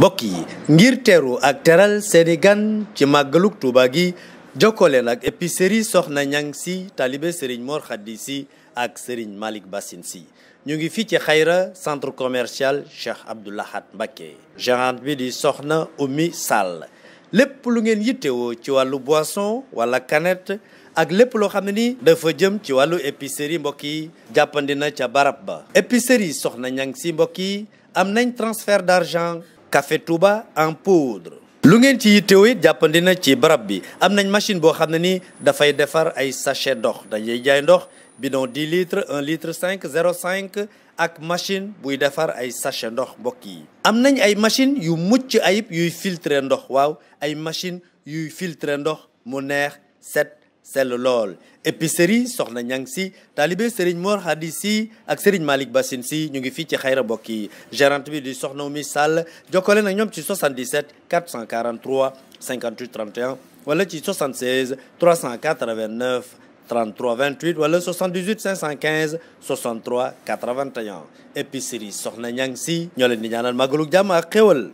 mbokk yi ngir teeru ak teral seeni gan ci màggalug Tuuba gi jokkoo leen ak épicerie Soxna Ñang si talibé Serigne Mor Khadi si ak Serigne Malick Bassine si ñu ngi fii ci Xayra centre commercial Cheikh Abdou Lahad Mbacké gérante bi di Soxna Oumy Sall lépp lu ngeen yittewoo ci wàllu boisson wala canette ak lépp loo xam ne ni dafa jëm ci wàllu épicerie mbokk yi jàppandi na ca barab ba épicerie Soxna Ñang si mbokk yi am nañ transfert d'argent café Touba en poudre. lu ngeen ci yittewoo it jàppandi na ci barab bi am nañ machine boo xam ne ni dafay defar ay sachet ndox dañuy jaay ndox bidon 10 litres 1 litre 5 ak machine buy defar ay sachet ndox mbokk yi. am nañ ay machine yu mucc ayib yuy filtre ndox waaw ay machine yuy filtre ndox mu neex set. sell lool épicerie soxna ñang si taalibe Serigne Mor Hadi si ak Serigne Malick Bassine si ñu ngi fii ci xayra mbokk yi gérante bi di soxna Oumy Sall jokkale nag ñoom ci 77 443 58 31 wala ci 76 389 33 28 wala 78 515 63 81 épicerie soxna ñang si ñoo leen di ñaanal màggalu jàmm